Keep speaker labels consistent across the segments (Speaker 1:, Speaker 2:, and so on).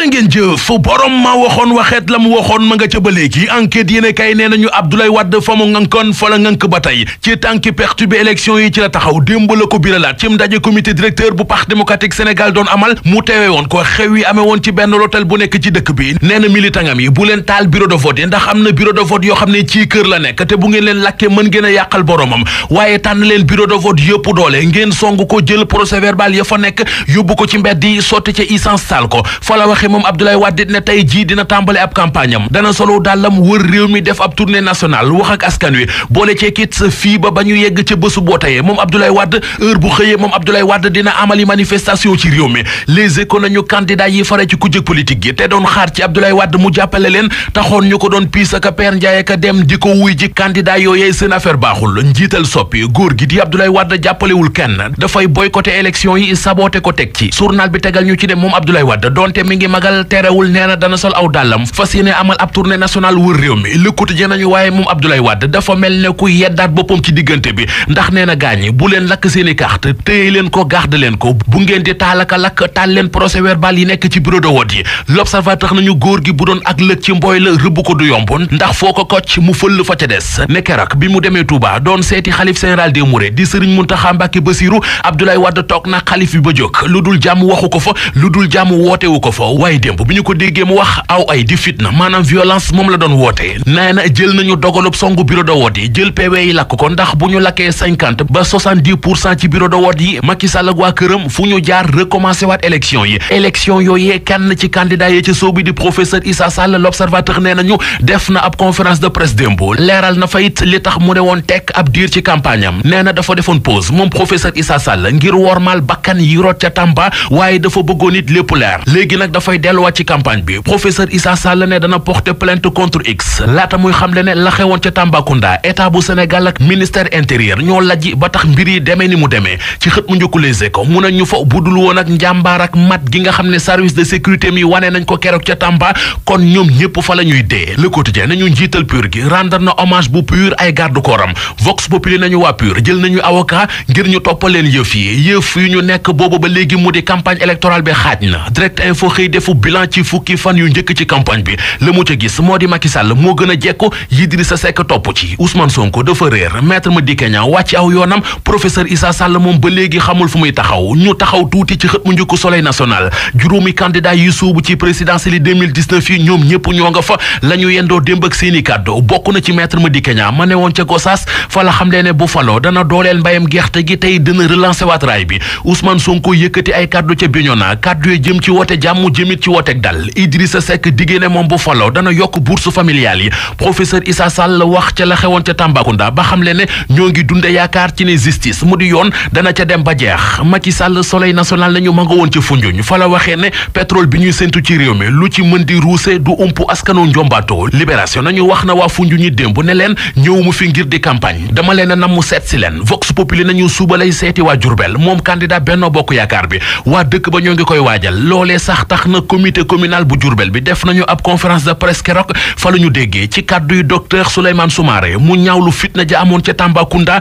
Speaker 1: jërë ngeen jëf borom ma waxoon waxeet la mu waxoon ma nga ca ba léegi enquête yéen kay nee nañu Abdoulaye Wade fa mu ngankoon fa ngank ba tey ci tànki perturber élection yi ci la taxaw démb la ko biralaat ci ndaje comité directeur bu parti démocratique Sénégal doon amal mu teewee woon ko xew yi amee ci benn hôtel bu nekk ci dëkk bi nee na militangam yi bu leen taal bureau de vote yi ndax am na bureau de vote yoo xam ne ci kër la nekk te bu ngeen a yàqal boromam waaye tànn leen bureau de vote yëpp doole ngeen song ko jël procès verbal ya ko ci mbedd yi moom Abdoulaye Wade ne tey jii dina tàmbale ab campagne am dana solo dàllam wër réew mi def ab tournée nationale wax ak askan wi boole cee kit sa fii ba ba ñu yegg ca bésu boo tayee moom Abdoulaye Wade heure bu xëyee moom Abdoulaye Wade dina amali manifestation ci réew mi les éco nañu candidat yi fare ci kujje politique gi te doon xaar ci Abdoulaye Wade mu jàppale leen taxoon ñu ko doon piis ak Père Ndiaye ak dem di ko wuy ji candidat yooyee seen affaire baaxul njiital soppi góor gi di Abdoulaye Wade jàppalewul kenn dafay yi saboté ko teg ci journal bi tegal ñu ci dem moom Abdoulaye Wade donte mi magal terewul nee na dana sol aw dàllam fas yéene amal ab Le Quotidien ndax nee na gaañi bu leen lakk seen i carte téye leen ko garde leen ko bu ngeen di taalaka lakk taal leen procès verbal yi nekk ci bureau de vote yi L'Observateur nañu góor gi bu doon ak lëg ci mbooy la rëbb ko du yomb ndax foo ko kocc mu fëll fa ca des ne keroog bi mu demee Touba doon seeti xalif général des Mourides di Serigne Mountakha Mbacké Bassirou Abdoulaye Wade toog na xalif bi ba jóg lu dul jàmm waxu ko fa lu dul jàmm wootewu ko fa ay démb bi ñu ko déggee mu wax aw ay di fitna maanaam violence moom la doon woote nee na jël nañu dogalub songu bureau yi jël PV yi lakk ko ndax bu ñu lakkee ba soixante-dix pour ci bureau de vote yi Macky ak waa këram fu ñu jaar recommencé waat élection yi élection yooyee kenn ci candidat yi ci soobi di professeur Issa Sall l'observateur nee nañu def na ab conférence de presse démb leeral na fa it li tax mu ne woon tekk ab diir ci campagne nee na dafa defoon ca Tamba waaye dafa bëggoon it lépp leer delluwaat ci campagne bi professeur Issa Sall ne dana porter plainte contre X laata muy xamle ne la xewoon ca Tambacounda état bu Sénégal ak ministère intérieur ñoo lajji ba tax mbir yi demee ni mu demee ci xët mu njëkk Les Échos mu ne ñu fa budul woon ak njàmbaar ak mat gi nga xam ne service de sécurité mi wane nañ ko keroog ca Tamba kon ñoom ñëpp fa la ñuy dee Le Quotidien nañu njiital pur gi rendre na hommage bu pur ay garde corps am Vox Populi nañu waa pur jël nañu avocat ngir ñu toppaleen ñu nekk boobu ba léegi mu di campagne électorale bi xaaj na fu bilan ci fukki fan yu njëkk ci campagne bi le mo ci gis modi di Macky Sall mo gën a jekko Idrissa Seck top ci Ousmane Sonko de réer maître Madické Niang wàcc aw yonam professeur isa Sall mom ba léegi xamul fu muy taxaw ñu taxaw tuuti ci xët mu soleil national juroomi candidat yu suubu ci présidentielle 2019 yi ñom ñëpp ñoo nga fa lañu yendo demb ak seeni cadeau bokku na ci maître Madické Niang mané ne ci Gossas fa la xam leene bu falo dana dolel mbayam gerte gi tay dina relancer wat ray bi Ousmane Sonko yëkkati ay cadeau ci biñona cadeau yu jëm ci woote jamu jëmi ci wooteeg dal Idrissa Seck diggée ne moom bu faloo dana yokk bourse familiale yi professeur Issa Sall wax ca la xewoon ca Tambacounda ba xam le ne ñoo ngi dunde yaakaar ci ne justice mu di yoon dana ca dem ba jeex Macky Sall soleil national nañu ma nga woon ca Foundiougne fa la waxee ne pétrole bi ñuy séntu ci réew mi lu ci mën di ruuse du ump askanu njombaatoo libération nañu wax na waa Foundiougne démb ne leen ñëw fi ngir di campagne dama leen a nam mu seet si leen vox populi nañu suba lay seeti waa moom candidat Benno Bokk Yaakaar bi waa dëkk ba ñoo comité communal bu Diourbel bi def nañu ab conférence de presse keroog fa la ñu déggee ci kàddu yu docteur Souleymane Soumaré mu ñaawlu fitna ja amoon ca Tambacounda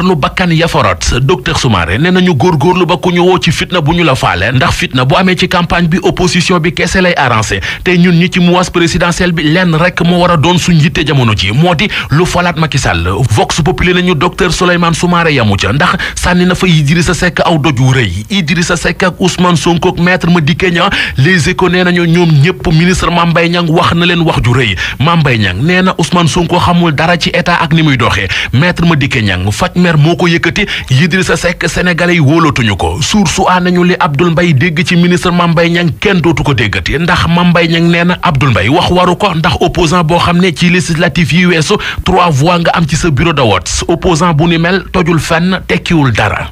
Speaker 1: lu bakkan ya fa rot docteur Soumaré nee nañu góorgóorlu ba ku ñu woo ci fitna bu ñu la faale ndax fitna bu amee ci campagne bi opposition bi kese lay arrangé te ñun ñi ci mouvance présidentielle bi lenn rek moo war a doon suñ yitte jamono ji moo di lu falaat Macky Sall vox populi nañu docteur Souleymane Soumaré yamu ca ndax sànni na fa Idrissa Seck aw doj wu rëy Idrissa Seck ak Ousmane Sonko ak maître Madické Niang Les ko nee nañu ñoom ñëpp ministre Mame Mbaye Niang wax na leen wax ju rëy Mame Mbaye Niang nee na Ousmane ko xamul dara ci état ak ni muy doxee ma Madické Niang faj mer moo ko yëkkati Idrissa Seck sénégalais yi wóolootuñu ko suur su a nañu li Abdoul Mbaye dégg ci ministre Mame Mbaye Niang kenn dootu ko déggati ndax Mame Mbaye Niang nee na Abdoul Mbaye wax waru ko ndax opposant boo xam ne ci législatif yi weesu trois voix nga am ci sa bureau de vote opposant bu ni mel tojul fenn tekkiwul dara